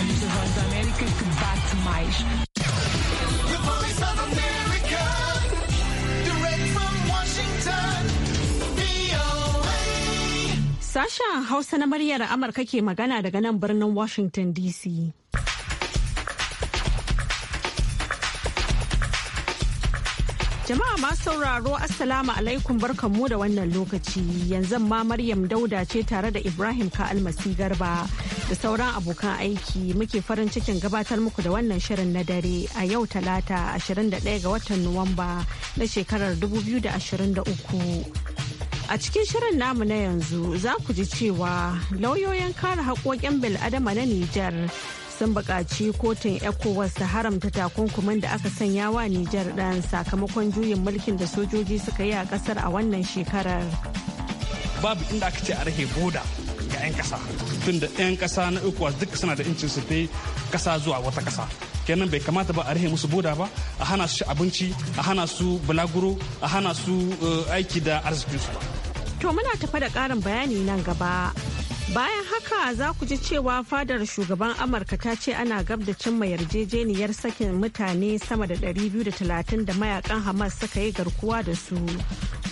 programa da Voz da América que bate mais. Sasha Hausa na muryar Amurka ke magana daga nan birnin Washington DC. Jama'a ma sauraro Assalamu alaikum barkanmu da wannan lokaci yanzu ma Maryam Dauda ce tare da Ibrahim Ka'almasi Garba da sauran abokan aiki muke farin cikin gabatar muku da wannan shirin na dare a yau talata 21 ga watan Nuwamba na shekarar 2023. A cikin shirin namu na yanzu za ku ji cewa lauyoyin kare haƙoƙin bil'adama na Nijar sun buƙaci kotun ecowas ta haramta takunkumin da aka sanya wa nijar ɗan sakamakon juyin mulkin da sojoji suka yi a ƙasar a wannan shekarar babu inda aka ce a rahe boda ga 'yan ƙasa tun da 'yan ƙasa na ecowas duka suna da incin su ƙasa zuwa wata ƙasa kenan bai kamata ba a rahe musu boda ba a hana su abinci a hana su bulaguro a hana su eh, aiki da arzikinsu ba to muna tafa da ƙarin bayani nan gaba Bayan haka za ku ji cewa fadar shugaban Amurka ta ce ana gab da cimma yarjejeniyar sakin mutane sama da 230 da mayakan Hamas suka yi garkuwa da su.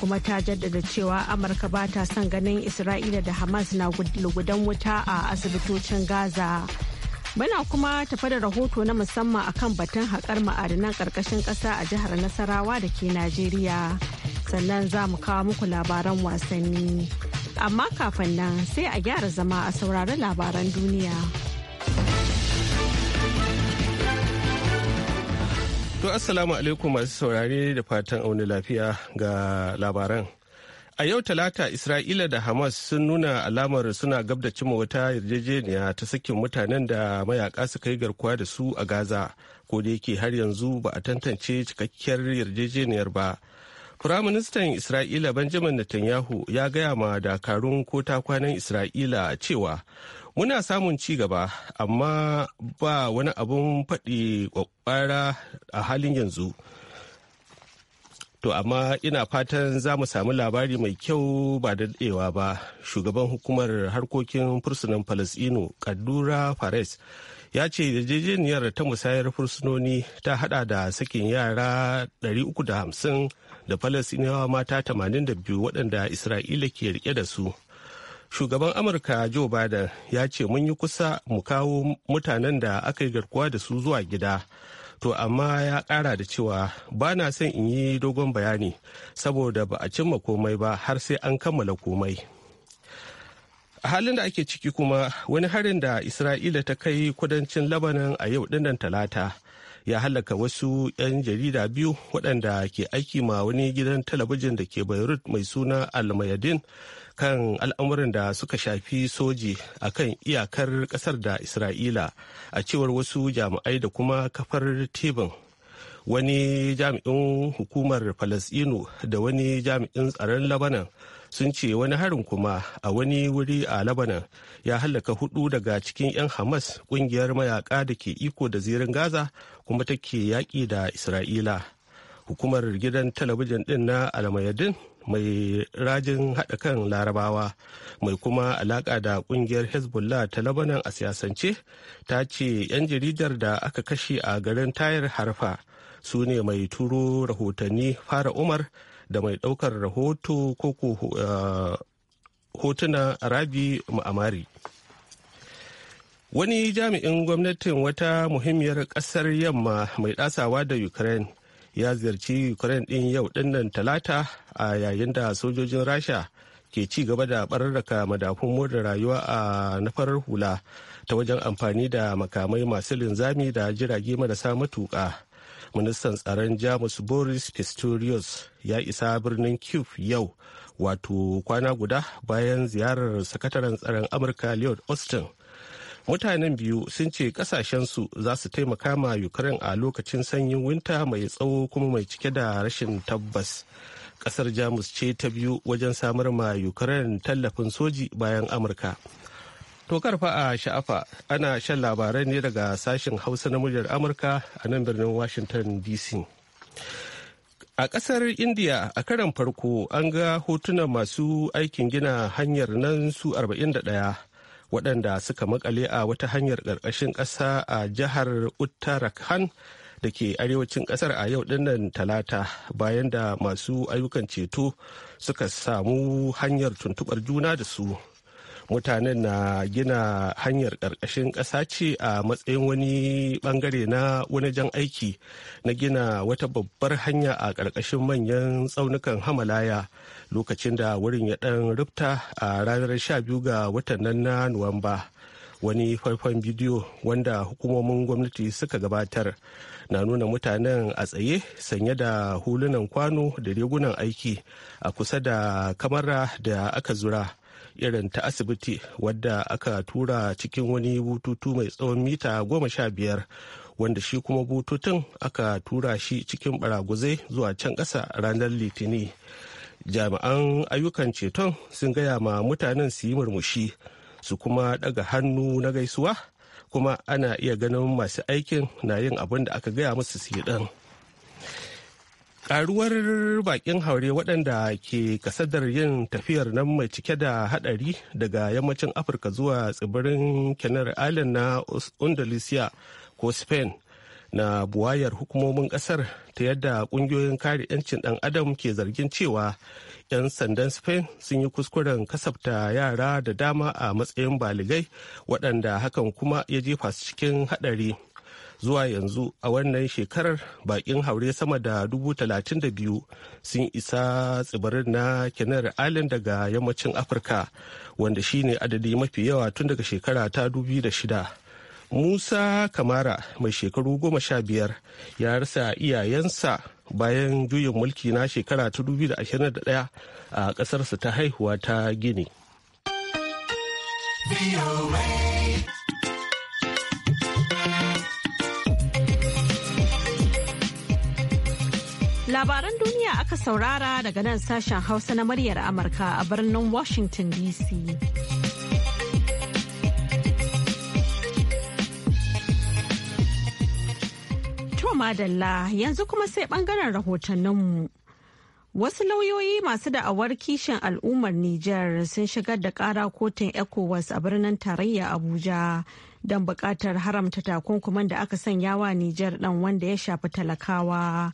Kuma ta jaddada cewa Amurka ba ta son ganin Isra'ila da Hamas na lugudan wuta a asibitocin Gaza. Muna kuma tafa da rahoto na musamman akan batun haƙar ma'adanan ƙarƙashin ƙasa a jihar Nasarawa da ke Najeriya. Sannan za mu kawo muku labaran wasanni. amma kafin nan sai a gyara zama a saurari labaran duniya. To Assalamu alaikum masu saurare da fatan auni lafiya ga labaran. A yau talata Isra'ila da Hamas sun nuna alamar suna gab da cimma wata yarjejeniya ta sakin mutanen da mayaka suka yi garkuwa da su a Gaza, ko da yake har yanzu ba a tantance cikakkiyar yarjejeniyar ba. Firaministan Isra'ila Benjamin Netanyahu ya gaya ma dakarun kota kwanan Isra'ila cewa muna samun ci gaba amma ba wani abun faɗi kwakwara a halin yanzu. To amma ina fatan za mu samu labari mai kyau ba da daɗewa ba shugaban hukumar harkokin fursunan Falasɗinu Kadura Fares ya ce yarjejeniyar ta musayar fursunoni ta hada da sakin yara 350 da falasinawa mata 82 waɗanda isra'ila ke rike da su shugaban amurka joe biden ya ce mun yi kusa mu kawo mutanen da aka yi garkuwa da su zuwa gida to amma ya kara da cewa ba na son in yi dogon bayani saboda ba a cimma komai ba har sai an kammala komai a halin da ake ciki kuma wani harin da isra'ila ta kai kudancin labanan a yau dinnan talata ya halaka wasu 'yan jarida biyu waɗanda ke aiki ma wani gidan talabijin da ke beirut mai suna almayadin kan al'amuran da suka shafi soji a kan iyakar ƙasar da isra'ila a cewar wasu jami'ai da kuma kafar tibin wani jami'in hukumar falasino da wani jami'in tsaron labanan sun ce wani harin kuma a wani wuri a labanan ya hallaka hudu daga cikin 'yan hamas kungiyar mayaka da ke iko da zirin gaza kuma take yaƙi da isra'ila hukumar gidan talabijin ɗin na alamayadin mai rajin haɗa kan larabawa mai kuma alaƙa da ƙungiyar hezbollah ta labanan a siyasance ta ce 'yan jaridar da aka kashe a garin tayar harfa su ne mai turo rahotanni fara umar da mai ɗaukar rahoto ko eh, hotuna rabi ma'amari wani jami'in gwamnatin wata muhimmiyar ƙasar yamma mai ɗasawa da ukraine ya ziyarci ukraine din yau dinnan talata a yayin da sojojin rasha ke ci gaba da bararraka madafun more rayuwa a na farar hula ta wajen amfani da makamai masu linzami da jirage marasa matuƙa ministan tsaron jamus boris pistorius ya isa birnin kyiv yau wato kwana guda bayan ziyarar sakataren tsaron amurka lloyd austin mutanen biyu sun ce kasashensu za su taimaka ma ukraine a lokacin sanyin winta mai tsawo kuma mai cike da rashin tabbas kasar jamus ce ta biyu wajen samar ma ukraine tallafin soji bayan amurka To karfa a sha'afa ana shan labarai ne daga sashen Hausa na muryar Amurka a nan birnin Washington DC. A kasar India a karan farko an ga hotunan masu aikin gina hanyar nan su 41 waɗanda suka makale a wata hanyar ƙarƙashin ƙasa a jihar Uttarakhand da ke arewacin ƙasar a yau dinnan talata bayan da masu ayyukan ceto suka samu hanyar tuntuɓar juna da su. mutanen na gina hanyar ƙarƙashin ƙasa ce a matsayin wani bangare na wani jan aiki na gina wata babbar hanya a ƙarƙashin manyan tsaunukan hamalaya lokacin da wurin ya ɗan rufta a ranar 12 ga watan nan na nuwamba wani faifan bidiyo wanda hukumomin gwamnati suka gabatar na nuna mutanen a tsaye sanye da hulunan kwano da rigunan aiki a kusa da kamara da aka zura irin ta asibiti wadda aka tura cikin wani bututu mai tsawon mita goma sha biyar wanda shi kuma bututun aka tura shi cikin baraguzai zuwa can ƙasa ranar litini jami'an ayyukan ceton sun gaya ma mutanen su yi murmushi su kuma daga hannu na gaisuwa kuma ana iya ganin masu aikin na yin abin da aka gaya musu su yi ɗan. Karuwar bakin haure waɗanda ke kasadar yin tafiyar nan mai cike da hadari daga yammacin Afirka zuwa tsibirin Kenar Island na Andalusia ko Spain na buwayar hukumomin ƙasar ta yadda ƙungiyoyin kare 'yancin ɗan adam ke zargin cewa 'yan sandan Spain sun yi kuskuren kasafta yara da dama a matsayin baligai waɗanda hakan kuma ya jefa su cikin haɗari. zuwa yanzu a wannan shekarar bakin haure sama da dubu talatin da biyu sun isa tsibirin na kenar alin daga yammacin afirka wanda shine adadi mafi yawa tun daga shekara ta dubi da shida musa kamara mai shekaru goma sha biyar ya rasa iyayensa bayan juyin mulki na shekara ta dubi da ashirin da daya a kasarsa ta haihuwa ta gini. Labaran duniya aka saurara daga nan sashen Hausa na muryar Amurka a birnin Washington DC. To madalla yanzu kuma sai bangaren rahotanninmu. Wasu lauyoyi masu da'awar kishin al'ummar Nijar sun shigar da ƙara kotun ECOWAS a birnin tarayya Abuja don buƙatar haramta takunkuman da aka sanya wa Nijar ɗan wanda ya shafi talakawa.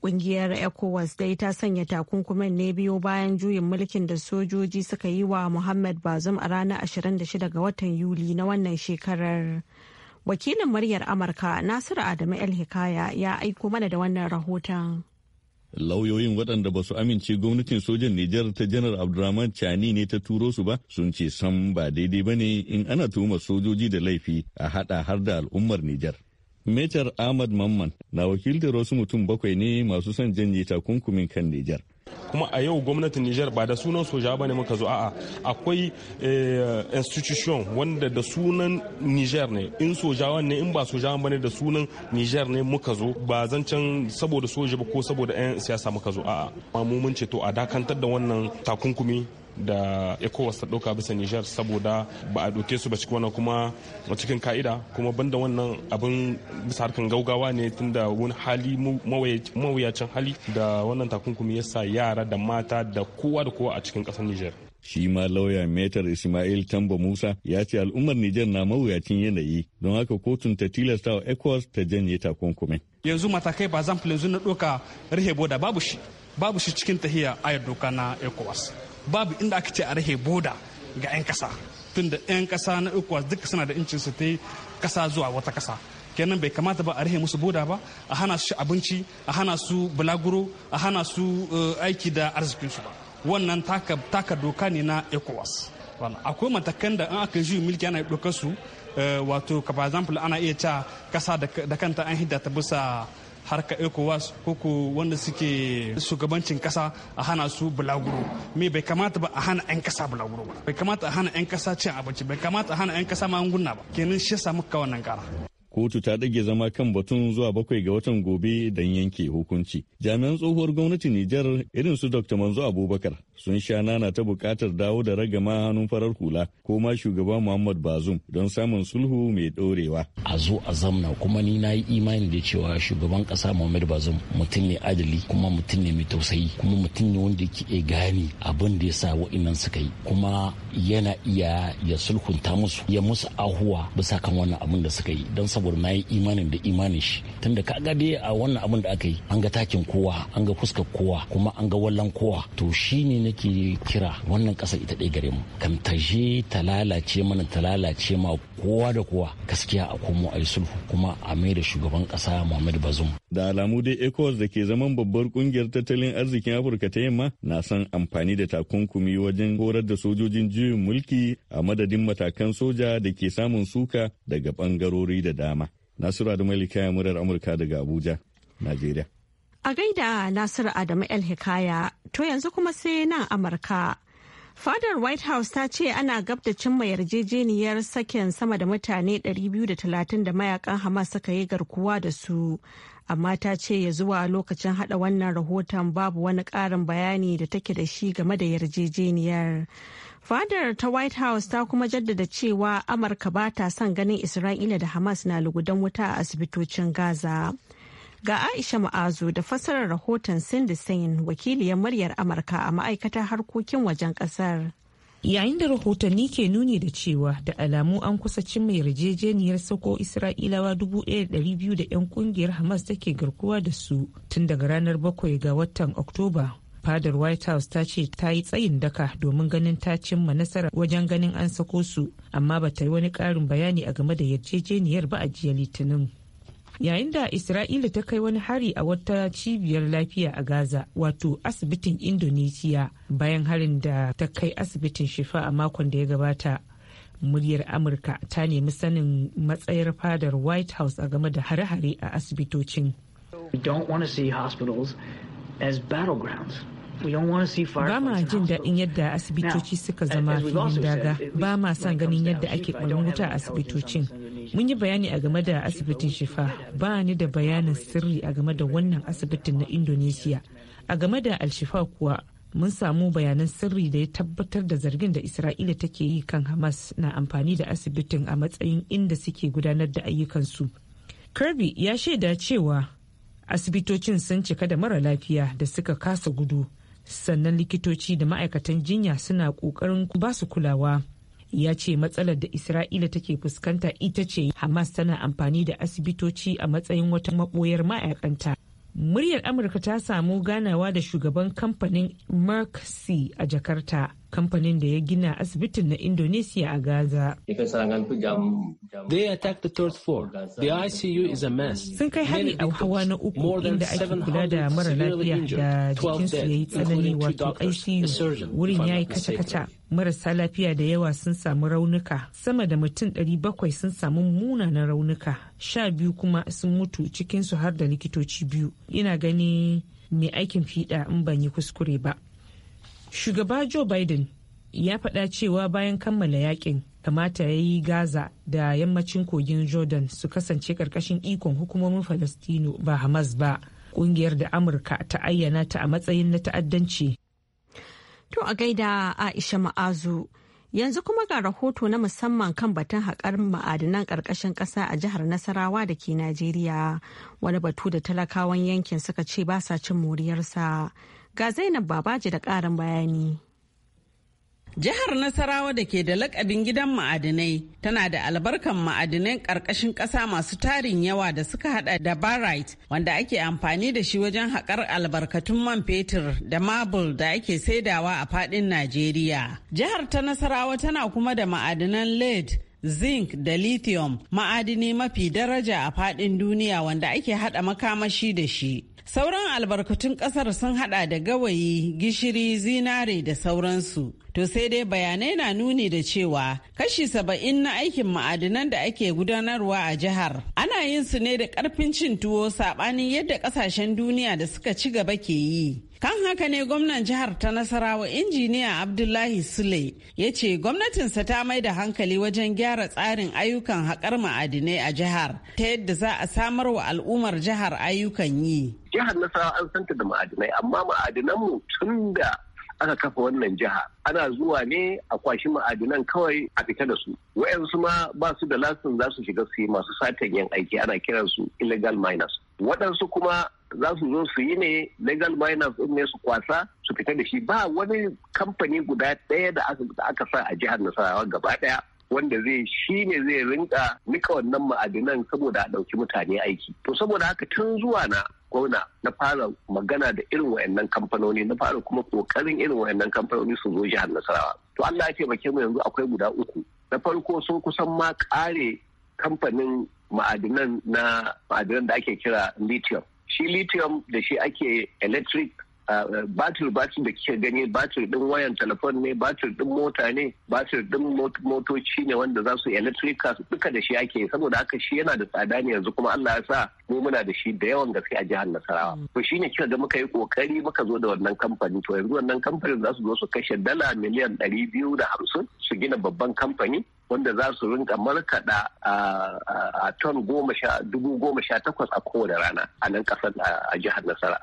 Kungiyar ECOWAS dai ta sanya takunkumin ne biyu bayan juyin mulkin da sojoji suka yi wa Muhammad Bazum a ranar 26 ga watan Yuli na wannan shekarar. Wakilin muryar Amurka Nasiru Adamu El Hikaya ya aiko mana da wannan rahoton. lauyoyin waɗanda ba su amince gwamnatin sojan Nijar ta janar abdulrahman Chani ne ta turo su ba sun ce san ba daidai ba ne in ana tuhumar sojoji da laifi a haɗa har da al'ummar Nijar. Metar Ahmad Mamman na wakiltar wasu mutum bakwai ne masu son janye takunkumin kan Nijar. kuma a yau gwamnatin Nijar ba da sunan soja ba ne muka zo a'a akwai eh, institution wanda da sunan Nijar ne in sojawan ne in ba sojawan ba ne da sunan Nijar ne muka zo ba zancen saboda soja ba ko saboda 'yan siyasa muka zo a'a mu mun ce to a dakantar da wannan takunkumi da ecowas ta ɗauka bisa nijar saboda ba a ɗauke su ba cikin wannan kuma cikin ka'ida kuma banda wannan abin bisa harkan gaugawa ne tunda wani hali mawuyacin hali da wannan takunkumi ya sa yara da mata da kowa da kowa a cikin ƙasar nijar shi ma lauya metar Ismail Tamba Musa ya ce al'ummar Nijar na mawuyacin yanayi don haka kotun ta tilasta wa ECOWAS ta janye takunkumin. Yanzu matakai ba zan yanzu na ɗoka rihe boda babu shi babu shi cikin tahiya ayar doka na ECOWAS. babu inda aka ce a rahe boda ga 'yan kasa tunda 'yan kasa na ecowas duka suna da incin su ta kasa zuwa wata kasa kenan bai kamata ba a rahe musu boda ba a hana su abinci a hana su bulaguro a hana su eh, aiki da arzikinsu ba wannan taka doka ne na ecowas akwai matakan da an aka juyi milki ana ɗaukar su eh, wato ka ba example ana iya ca kasa da kanta an hidda ta bisa harka ecowas ko wanda suke shugabancin kasa a hana su bulaguro me bai kamata ba a hana 'yan kasa bulaguro ba bai kamata a hana 'yan kasa cin abinci bai kamata a hana 'yan kasa magunguna ba kenan shi ya samu ka wannan kara kotu ta dage zama kan batun zuwa bakwai ga watan gobe don yanke hukunci. Jami'an tsohuwar gwamnati Nijar irin su Dr. Manzo Abubakar sun sha nana ta bukatar dawo da ragama hannun farar hula ko ma shugaba Muhammad Bazum don samun sulhu mai ɗorewa. A zo a zamna kuma ni na yi imani da cewa shugaban ƙasa Muhammad Bazum mutum ne adali kuma mutum ne mai tausayi kuma mutum ne wanda ke gane abin da ya sa wa'innan suka yi kuma yana iya ya sulhunta musu ya musu ahuwa bisa kan wannan abin da suka yi don saboda na yi imanin da imanin shi tunda ka ga dai a wannan abin da aka yi an ga takin kowa an ga fuskar kowa kuma an ga wallan kowa to shi ne nake kira wannan ƙasa ita ɗaya gare mu kan ta je ta lalace mana ta lalace ma kowa da kowa gaskiya a komo a sulhu kuma a mai da shugaban kasa Muhammad bazum da alamu dai ECOWAS da ke zaman babbar kungiyar tattalin arzikin Afirka ta yamma na son amfani da takunkumi wajen horar da sojojin juyin mulki a madadin matakan soja da ke samun suka daga bangarori da dama Nasiru Adamu Hikaya murar Amurka daga Abuja, Najeriya. A gaida Nasiru Adamu elhikaya to yanzu kuma sai nan Amurka. Fadar White House ta ce ana gab da cimma yarjejeniyar sakin sama da mutane 230 da mayakan Hamas suka yi garkuwa da su. Amma ta ce ya zuwa lokacin hada wannan rahoton babu wani karin bayani da take da shi game da yarjejeniyar. Fadar ta White House ta kuma jaddada cewa Amurka ba ta son ganin Isra'ila da Hamas na lugudan wuta a asibitocin Gaza. Ga Aisha Ma'azu da fassarar rahoton Cindy Sain wakiliyar muryar Amurka a ma'aikatar harkokin wajen kasar. Yayin da rahotanni ke nuni da cewa da alamu an kusa mai yarjejeniyar sako Isra'ilawa 1,200 da 'yan kungiyar Hamas take garkuwa da su tun daga ranar 7 ga watan Oktoba. fadar white house ta ce ta yi tsayin daka domin ganin ta cimma nasara wajen ganin an sako su amma ba ta yi wani karin bayani a game da yarjejeniyar ba a jiya litinin yayin da isra'ila ta kai wani hari a wata cibiyar lafiya a gaza wato asibitin indonesia bayan harin da ta kai asibitin shifa a makon da ya gabata muryar amurka ta nemi sanin matsayar fadar white house a game da hare-hare a asibitocin We don't as battlegrounds. ba ma jin daɗin yadda asibitoci suka zama filin daga ba ma son ganin yadda ake ɓarin wuta a asibitocin mun yi bayani a game da asibitin shifa ba ni da bayanin sirri a game da wannan asibitin na indonesia a game da alshifa kuwa mun samu bayanan sirri da ya tabbatar da zargin da isra'ila take yi kan hamas na amfani da asibitin a matsayin inda suke gudanar da ayyukansu kirby ya shaida cewa asibitocin sun cika da mara lafiya da suka kasa gudu sannan likitoci da ma'aikatan jinya suna ƙoƙarin ba su kulawa ya ce matsalar da isra'ila take fuskanta ita ce hamas tana amfani da asibitoci a matsayin wata maboyar ma'aikanta muryar amurka ta samu ganawa da shugaban kamfanin merck a jakarta kamfanin da ya gina asibitin na Indonesia a Gaza. They attacked Sun kai hari a hawa na uku inda ake kula da mara lafiya da jikinsu ya yi tsanani wato ICU. Wurin ya yi kaca-kaca. Marasa lafiya da yawa sun samu raunuka. Sama da mutum 700 sun samu na raunuka. Sha biyu kuma sun mutu cikinsu har da likitoci biyu. Ina gani mai aikin fiɗa in ban yi kuskure ba. shugaba joe biden ya faɗa cewa bayan kammala yakin kamata ya yi gaza da yammacin kogin jordan su kasance karkashin ikon hukumomin falastino ba hamas ba kungiyar da amurka ta ayyana ta a matsayin na ta'addanci to a gaida aisha ma'azu yanzu kuma ga rahoto na musamman kan batun haƙar ma'adinan ƙarƙashin ƙasa a jihar nasarawa da ke najeriya wani batu da talakawan yankin suka ce ba sa cin moriyarsa Ga Zainab Babaji da ƙarin bayani. Jihar Nasarawa da ke da lakabin gidan ma'adinai tana da albarkan ma'adinai ƙarƙashin ƙasa masu tarin yawa da suka hada da barite wanda ake amfani da shi wajen haƙar albarkatun man fetur da marble da ake saidawa a faɗin Najeriya. Jihar ta Nasarawa tana kuma da ma'adinan lead zinc da lithium ma'adini mafi daraja a faɗin duniya wanda ake haɗa makamashi da shi Sauran albarkatun ƙasar sun hada da gawayi, gishiri, zinare da sauransu. To sai dai bayanai na nuni da cewa kashi saba'in na aikin ma'adinan da ake gudanarwa a jihar ana yin su ne da karfin cin tuwo saɓanin yadda ƙasashen duniya da suka ci gaba ke yi. Kan haka ne gwamnan jihar ta Nasarawa injiniya Abdullahi Sule ya ce gwamnatinsa ta mai da hankali wajen gyara tsarin ayyukan haƙar ma'adinai a jihar ta yadda za a samar wa al'ummar jihar ayyukan yi. Jihar Nasarawa an santa da ma'adinai amma ma'adinanmu tun da aka kafa wannan jiha ana zuwa ne a kwashi ma'adinan kawai a fita da su wayansu ma ba su da lasin za su shiga su yi masu satan yin aiki ana kiran su illegal miners waɗansu kuma za su zo su yi ne legal miners in ne su kwasa su fita da shi ba wani kamfani guda ɗaya da aka sa a jihar nasarawa gaba ɗaya wanda zai shi ne zai rinka nika wannan ma'adinan saboda a ɗauki mutane aiki to saboda haka tun zuwa na kona na fara magana da irin wayannan kamfanoni na fara kuma kokarin irin wayannan kamfanoni su zo jihar nasarawa to allah ya taimake mu yanzu akwai guda uku na farko sun kusan ma kare kamfanin ma'adinan na ma'adinan da ake kira lithium shi lithium da shi ake electric batir batir da kika gani batir din wayan telefon ne batir din mota ne batir din motoci ne wanda za su electric duka da shi ake saboda haka shi yana da tsada ne yanzu kuma Allah ya sa mu muna da shi da yawan gaske a jihar Nasarawa mm. to shine kika ga muka yi kokari muka zo da wannan kamfani to yanzu wannan kamfanin za su zo su kashe dala miliyan ɗari biyu da hamsin su gina babban kamfani wanda za su rinka markaɗa a ton dubu goma sha takwas a kowane rana a nan ƙasar a jihar nasara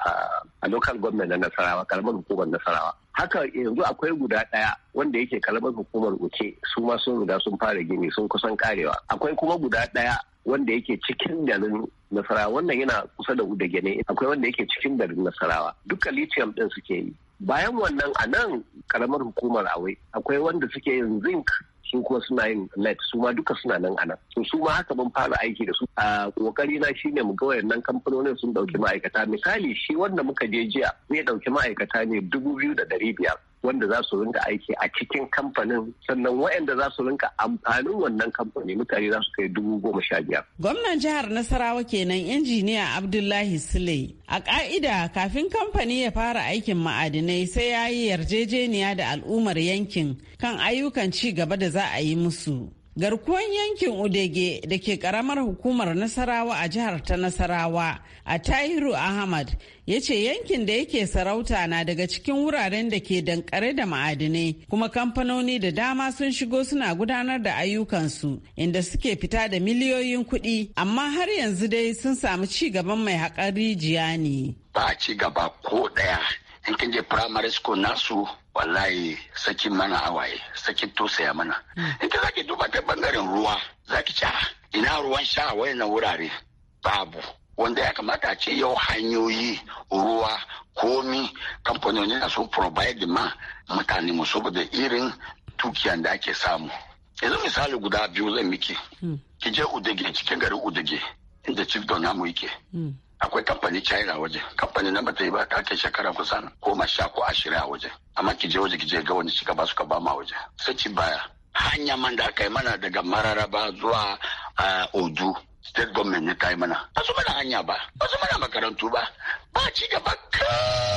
a local government na nasarawa karamar hukumar nasarawa haka yanzu akwai guda ɗaya wanda yake karamar hukumar uke su ma sun riga sun fara gini sun kusan karewa akwai kuma guda ɗaya wanda yake cikin garin nasarawa wannan yana kusa da gene akwai wanda yake cikin garin nasarawa duka lithium ɗin suke yi bayan wannan a nan karamar hukumar awai akwai wanda suke yin zinc su kuma suna yin net su ma duka suna nan anan to su ma haka mun fara aiki da su a kokari na shine mu ga wayannan kamfanonin sun dauki ma'aikata misali shi wanda muka je jiya zai dauki ma'aikata ne dubu biyu da dari biyar wanda za su rinka aiki a cikin kamfanin sannan waɗanda za su rinka amfanin wannan kamfani mutane za su kai dubu goma sha biyar. Gwamnan jihar Nasarawa kenan injiniya Abdullahi Sule. A ƙa'ida kafin kamfani ya fara aikin ma'adinai sai ya yi yarjejeniya da al'ummar yankin kan ayyukan ci gaba da za a yi musu. garkuwan yankin udege da ke karamar hukumar nasarawa a jihar ta nasarawa a tahiru ahmad ya ce yankin da yake sarauta na daga cikin wuraren da ke dankare da ma'adinai kuma kamfanoni da dama sun shigo suna gudanar da ayyukansu inda suke fita da miliyoyin kuɗi amma har yanzu dai sun samu ci gaban mai haƙar rijiya ne ba ci gaba ko ɗaya in kin je primary school nasu wallahi sakin mana awaye sakin tosaya mana hmm. in ta zaki duba ta bangaren ruwa zaki ci ah, ina ruwan sha wayannan wurare babu wanda ya kamata ce yau hanyoyi ruwa komi kamfanoni na sun provide ma mutane mu saboda irin tukiyan da ake samu yanzu misali guda biyu zan miki hmm. ki je udage cikin garin udage inda chief don namu yake hmm. akwai kamfani china waje kamfani na bata yi ba ta kai shekara kusan goma sha ko ashirin a waje amma ki je waje ki je ga wani cika ba suka ba ma waje sai ci baya hanya man da aka yi mana daga mararaba zuwa eh, odu state government ne ta yi mana ba su mana hanya ba ba su mana makarantu ba ba ci gaba kai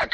a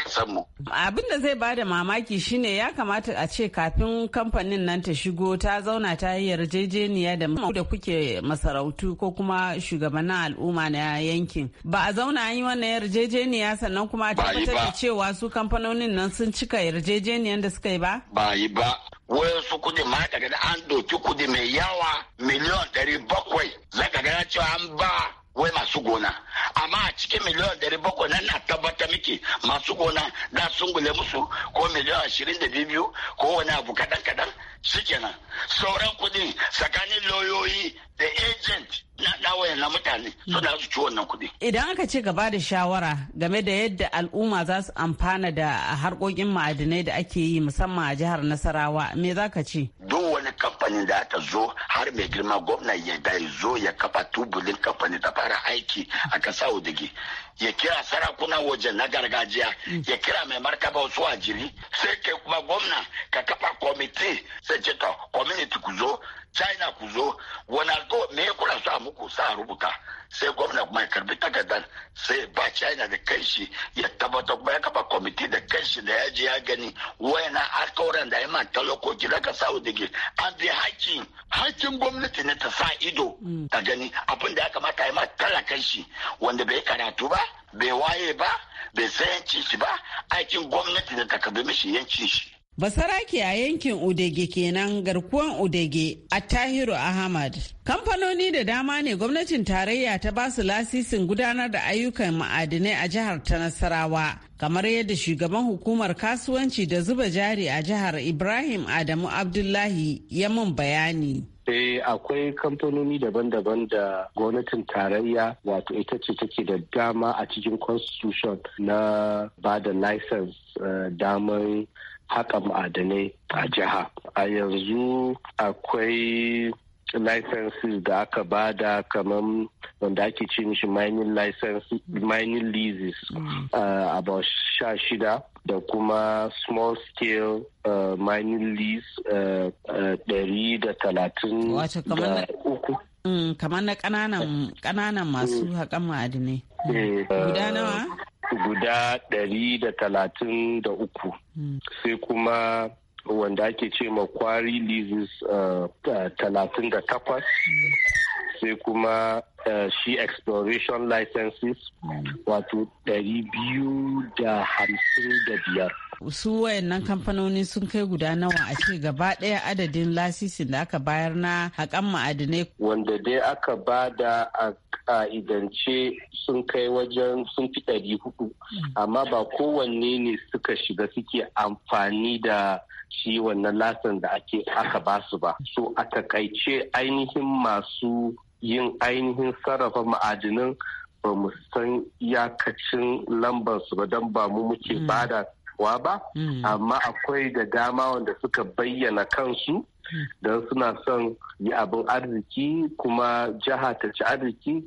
Abin da zai bada mamaki shine ya kamata a ce kafin kamfanin nan ta shigo ta zauna ta yi yarjejeniya da da kuke masarautu ko kuma shugabannin al'umma na yankin. Ba a zauna an yi wannan yarjejeniya sannan kuma a tabbatar da cewa su kamfanonin nan sun cika yarjejeniyar da suka yi ba? Ba yi ba. wayansu kudi ma ka ga an doki kudi mai yawa miliyan ɗari bakwai zaka ga cewa an ba wai masu gona amma a cikin miliyan dari bakwai nan na tabbata miki masu gona da sungule musu ko miliyan ashirin da biyu ko wani abu kaɗan kaɗan kenan sauran kudin tsakanin lauyoyi da agent na dawaye na mutane su da su ci wannan kudi. Idan aka ce gaba da shawara game da yadda al'umma za su amfana da harkokin ma'adinai da ake yi musamman a jihar Nasarawa me za ka ce? Duk wani kamfanin da aka zo har mai girma gwamna ya da zo ya kafa tubulin kamfanin da fara aiki a kasa Udigi. ya kira sarakuna wajen na gargajiya ya kira mai martaba wasu a jiri sai kai kuma gwamna ka kafa kwamiti sai zai community ku zo china ku zo wani alko me kuna sa muku sa rubuta sai gwamna kuma ya karbi takardar sai ba china da kanshi ya tabbata kuma ya kafa kwamiti da kai kanshi da yaji ya gani wayana alkawaran da ya man talakoki daga saudi dake an bi hakkin hakkin gwamnati ne ta sa ido mm. ta gani abin da ya kamata ya ma tala shi wanda bai karatu ba bai waye ba bai sayanci shi ba aikin gwamnati ne ta karbi mishi yancin shi Basarake a yankin Udege kenan garkuwan Udege a Tahiru Ahmad. Kamfanoni da dama ne gwamnatin tarayya ta ba su lasisin gudanar da ayyukan ma'adinai a jihar ta Nasarawa. Kamar yadda shugaban hukumar kasuwanci da zuba jari a jihar Ibrahim Adamu Abdullahi ya mun bayani. Eh akwai kamfanoni daban-daban da gwamnatin tarayya wato ita ce take da dama a cikin constitution na ba da license eh, damar haƙa ma'adanai a jiha a yanzu akwai licenses da aka bada kamar wanda ake ce mishi mining licenses mining leases mm. uh, a ba sha shida da kuma small scale uh, mining lease uh, ɗari da talatin da uku Mm, kamar na kananan kananan masu mm. haƙan ma'adinai mm, guda eh, nawa guda ɗari da talatin da uku sai kuma wanda ake ce ma kwari leases eh, eh, talatin da takwas sai kuma shi exploration licenses wato ɗari biyu da hamsin da biyar su wayannan kamfanoni sun kai guda nawa a ce gaba ɗaya adadin lasisin da aka bayar na haƙan ma'adinai. Wanda dai aka ba da a ka'idance sun kai wajen sun fi ɗari hudu, mm. amma ba kowanne ne suka shiga suke amfani da shi wannan lasin da ake aka ba su ba. So a takaice ainihin masu yin ainihin sarrafa ma'adinan ba mu san iyakacin lambar su ba don ba mu muke mm. bada kuwa ba hmm. amma akwai da dama wanda suka bayyana kansu don suna son yi abin arziki kuma jiha ta ci arziki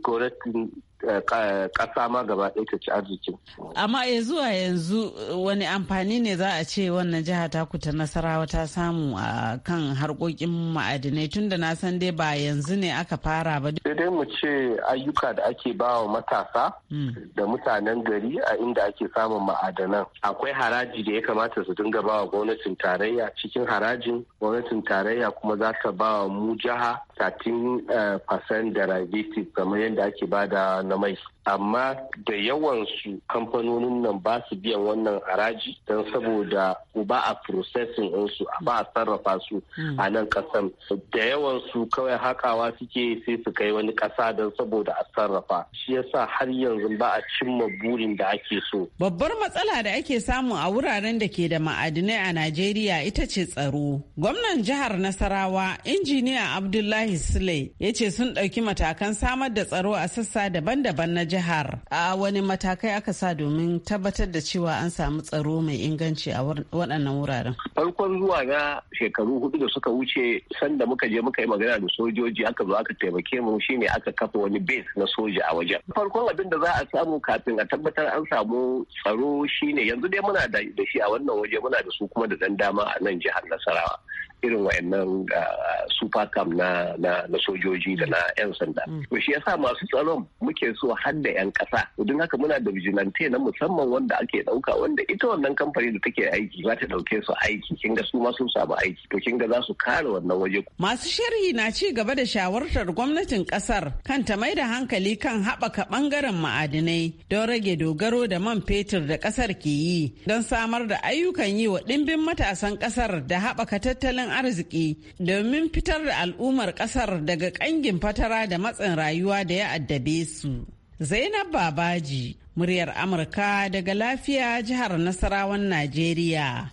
ƙasa ma gaba ɗaya ta ci arziki. Amma ya zuwa yanzu wani amfani ne za a ce wannan jiha ta kuta nasarawa ta samu a kan harkokin ma'adinai tun da na san dai ba yanzu ne aka fara ba. Sai dai mu ce ayyuka da ake ba wa matasa hmm. da mutanen gari a inda ake samun ma'adanan. Akwai haraji da ya kamata su dinga ba wa gwamnatin tarayya cikin harajin gwamnatin tarayya kuma za ta ba wa mu jiha 13% uh, derivative kamar yadda ake bada na mai amma da yawan su kamfanonin nan ba su biyan wannan haraji don saboda ba a processing a ba a sarrafa su a nan kasan da su kawai hakawa suke sai su kai wani ƙasa don saboda a sarrafa shi yasa har yanzu ba a cimma burin da ake so babbar matsala da ake samu a wuraren da ke da ma'adinai a najeriya ita ce tsaro gwamnan jihar nasarawa injiniya abdullahi Abdullahi Sule ya ce sun ɗauki matakan samar da tsaro a sassa daban-daban na jihar. A wani matakai aka sa domin tabbatar da cewa an samu tsaro mai inganci a waɗannan wuraren. Farkon zuwa na shekaru hudu da suka wuce sanda muka je muka yi magana da sojoji aka zo aka taimake mu shine aka kafa wani base na soja a wajen. Farkon abin da za a samu kafin a tabbatar an samu tsaro shine yanzu dai muna da shi a wannan waje muna da su kuma da ɗan dama a nan jihar Nasarawa. irin wayannan ah, super cam na na sojoji da na 'yan sanda. Mm. To shi yasa masu tsaron muke so har da 'yan ƙasa. Don haka muna da vigilante na musamman wanda ake ɗauka wanda ita wannan kamfani da take aiki za ta ɗauke su aiki kin ga su ma sun samu aiki to kin ga za su kare wannan waje. Masu sharhi na ci gaba da shawartar gwamnatin ƙasar kan ta mai da hankali kan haɓaka ɓangaren ma'adinai don rage dogaro da man fetur da ƙasar ke yi don samar da ayyukan yi wa ɗimbin matasan ƙasar da haɓaka tattalin arziki domin fitar da al'ummar ƙasar kasar daga kangin fatara da matsin rayuwa da ya addabe su. Zainab Babaji, muryar Amurka daga lafiya jihar Nasarawan Najeriya.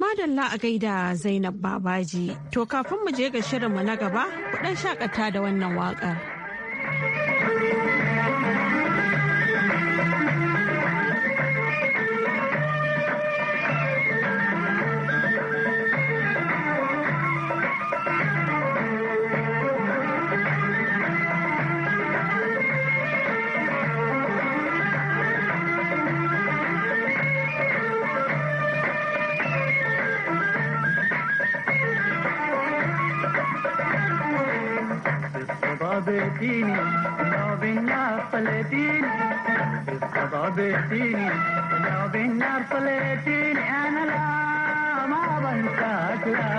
Madalla a gaida Zainab Babaji, to kafin mu je ga shirinmu na gaba, kudan shakata da wannan waƙar. حبيتيني لو بالنار طلعتيني انا لا ما بنساك لا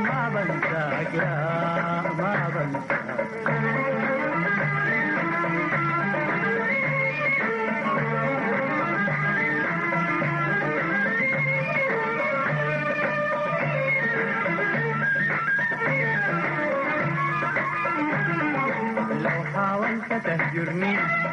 ما بنساك لا ما بنساك لو حاولت تهجرني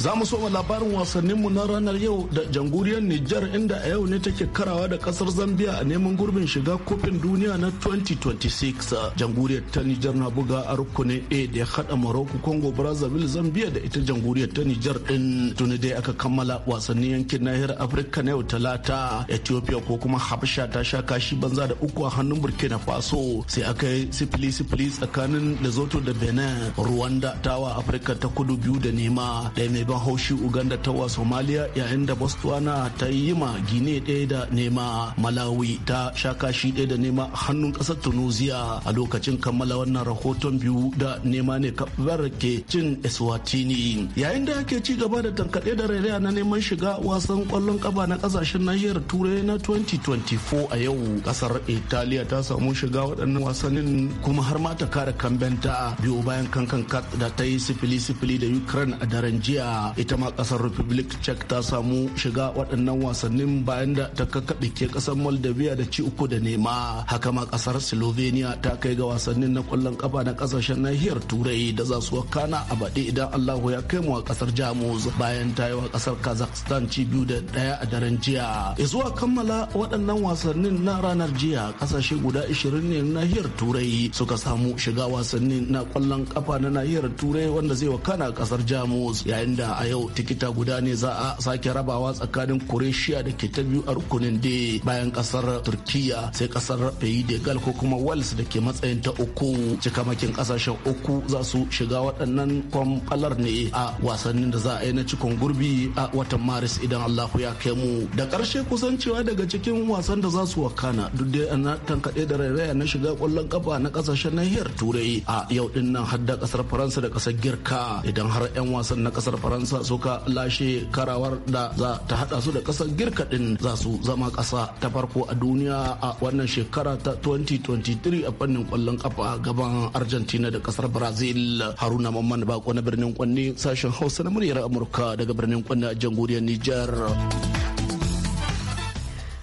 Za mu soma labarin wasanninmu na ranar yau da janguriyar Nijar inda a yau ne take karawa da kasar Zambia a neman gurbin shiga kofin duniya na 2026. janguriyar ta Nijar na buga a rukunin A da ya haɗa Morocco, Congo, Brazzaville, Zambia da ita janguriyar ta Nijar ɗin tuni dai aka kammala wasannin yankin nahiyar Afirka na yau talata. Ethiopia ko kuma Habasha ta sha kashi banza da uku a hannun Burkina Faso sai aka yi sifili sifili tsakanin Lesotho da Benin. Rwanda tawa Afirka ta kudu biyu da nema. Ɗaya don haushi uganda ta wa somaliya yayin da botswana ta yi ma gine ɗaya da nema malawi ta sha kashi ɗaya da nema hannun ƙasar tunisia a lokacin kammala wannan rahoton biyu da nema ne kabar ke cin eswatini yayin da ake ci gaba da tankaɗe da rairaya na neman shiga wasan ƙwallon ƙafa na ƙasashen nahiyar turai na 2024 a yau ƙasar italiya ta samu shiga waɗannan wasannin kuma har ma ta kare kambenta biyu bayan kankan da ta yi sifili sifili da ukraine a daren jiya ita ma kasar republic czech ta samu shiga waɗannan wasannin bayan da ta kakkaɓe ke kasar moldavia da ci uku da nema haka ma kasar slovenia ta kai ga wasannin na kwallon kafa na kasashen nahiyar turai da za su wakana a baɗi idan allahu ya kai mu a kasar jamus bayan ta yi wa kasar kazakhstan ci biyu da ɗaya a daren jiya zuwa kammala waɗannan wasannin na ranar jiya kasashe guda 20 ne na nahiyar turai suka samu shiga wasannin na kwallon kafa na nahiyar turai wanda zai wakana kasar jamus yayin da a yau tikita guda ne za a sake rabawa tsakanin kureshiya da ke ta biyu a rukunin de bayan kasar Turkiya sai kasar Pays ko kuma Wales da ke matsayin ta uku cikamakin kasashen uku za su shiga waɗannan kwamfalar ne a wasannin da za a yi na cikon gurbi a watan Maris idan Allahu ya kai mu da kusan cewa daga cikin wasan da za su wakana duk da na tankaɗe da rairaya na shiga kwallon kafa na kasashen nahiyar Turai a yau ɗin nan har da ƙasar Faransa da kasar Girka idan har 'yan wasan na ƙasar Faransa faransa suka lashe karawar da za ta hada su da kasar girka din za su zama kasa ta farko a duniya a wannan shekara ta 2023 a fannin kwallon kafa gaban argentina da kasar brazil haruna mamman bako na birnin kwanne sashen hausa na muryar amurka daga birnin kwanne a jamhuriyar niger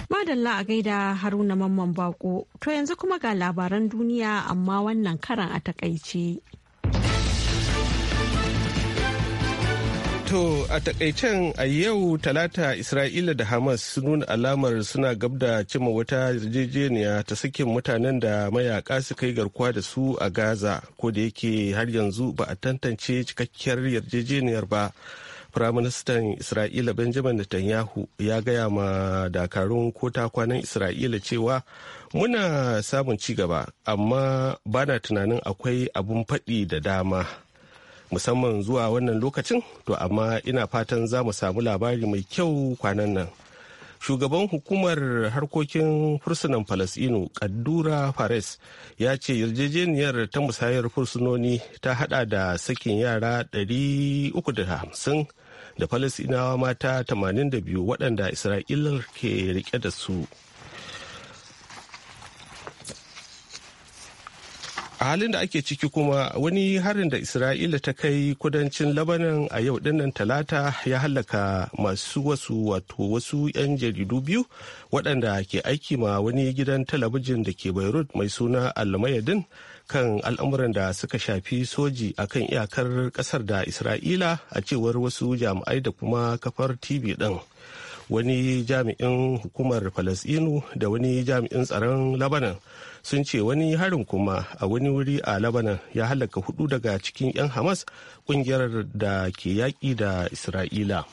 madalla a gaida haruna mamman bako to yanzu kuma ga labaran duniya amma wannan karan a takaice To a takaicen a yau talata Isra'ila da Hamas sun nuna alamar suna gab da cimma wata yarjejeniya ta sakin mutanen da mayaka su kai garkuwa da su a Gaza ko da yake har yanzu ba a tantance cikakkiyar yarjejeniyar ba. Firaministan Isra'ila Benjamin Netanyahu ya gaya ma dakarun kota kwanan Isra'ila cewa muna samun ci gaba amma bana tunanin akwai abun faɗi da dama. musamman zuwa wannan lokacin to amma ina fatan za mu samu labari mai kyau kwanan nan shugaban hukumar harkokin fursunan falasino kaddura fares ya ce yarjejeniyar ta musayar fursunoni ta hada da sakin yara 350 da falasinawa mata 82 waɗanda isra'ilar ke rike da su a halin da ake ciki kuma wani harin da isra'ila ta kai kudancin labanan a yau dinnan talata ya halaka masu wasu wato wasu 'yan jaridu biyu waɗanda ke aiki ma wani gidan talabijin da ke beirut mai suna almayadin kan al'amuran da suka shafi soji a kan iyakar ƙasar da isra'ila a cewar wasu jami'ai da kuma kafar tv ɗin. wani jami'in hukumar falasinu da wani jami'in tsaron labanan sun ce wani harin kuma a wani wuri a labanan ya halaka hudu daga cikin 'yan hamas kungiyar da ke yaƙi da isra'ila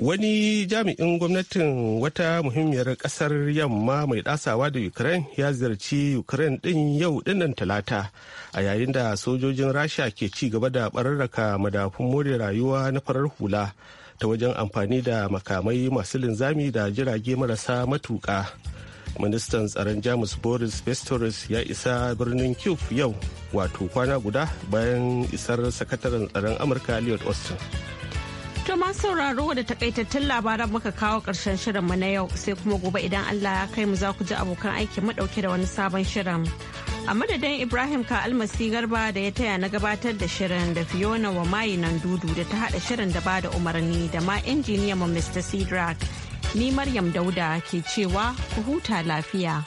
wani jami'in gwamnatin wata muhimmiyar kasar yamma mai dasawa da ukraine ya ziyarci ukraine din yau dinnan talata a yayin da sojojin rasha ke ci gaba da bararraka madafun more rayuwa na farar hula ta wajen amfani da makamai masu linzami da jirage marasa matuka ministan tsaron jamus boris pistorius ya isa birnin kyiv yau wato kwana guda bayan isar sakataren tsaron amurka lloyd austin To masu sauraro da takaitattun labaran muka kawo karshen shirinmu na yau sai kuma gobe idan Allah ya kai mu za ku ji abokan aiki mu dauke da wani sabon shirin. a madadin ibrahim ka almasi garba da ya taya na gabatar da shirin da fiona wa mai nan dudu da ta haɗa shirin da ba da umarni da ma injiniyan mu mr sidrak ni maryam dauda ke cewa ku huta lafiya